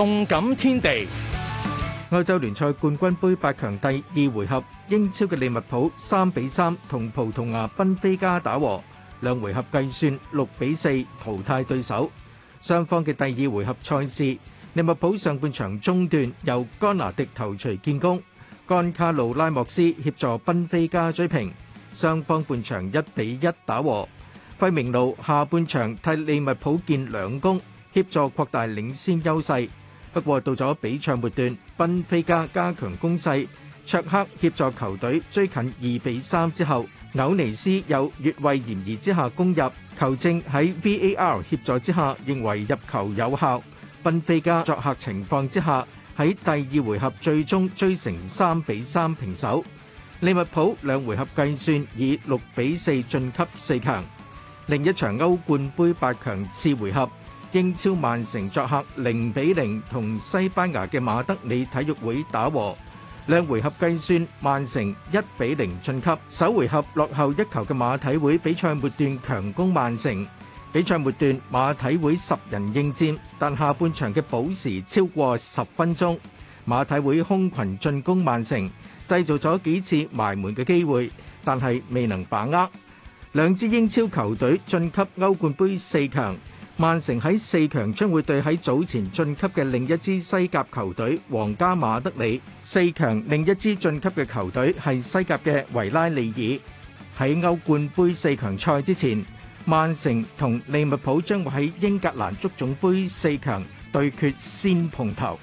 動感天地，歐洲聯賽冠軍盃八強第二回合，英超嘅利物浦三比三同葡萄牙奔菲加打和，兩回合計算六比四淘汰對手。雙方嘅第二回合賽事，利物浦上半場中段由甘拿迪頭錘建功，甘卡路拉莫斯協助奔菲加追平，雙方半場一比一打和。費明奴下半場替利物浦建兩功，協助擴大領先優勢。不過到咗比賽末段，賓菲加加強攻勢，卓克協助球隊追近二比三之後，紐尼斯有越位嫌疑之下攻入，球證喺 VAR 協助之下認為入球有效。賓菲加作客情況之下，喺第二回合最終追成三比三平手。利物浦兩回合計算以六比四晉級四強。另一場歐冠杯八強次回合。英超曼城作客零比零同西班牙嘅馬德里體育會打和，兩回合計算曼城一比零晉級。首回合落後一球嘅馬體會比賽末段強攻曼城，比賽末段馬體會十人應戰，但下半場嘅補時超過十分鐘，馬體會空群進攻曼城，製造咗幾次埋門嘅機會，但係未能把握。兩支英超球隊晉級歐冠杯四強。曼城喺四強將會對喺早前晉級嘅另一支西甲球隊皇家馬德里，四強另一支晉級嘅球隊係西甲嘅維拉利爾。喺歐冠杯四強賽之前，曼城同利物浦將會喺英格蘭足總杯四強對決先碰頭。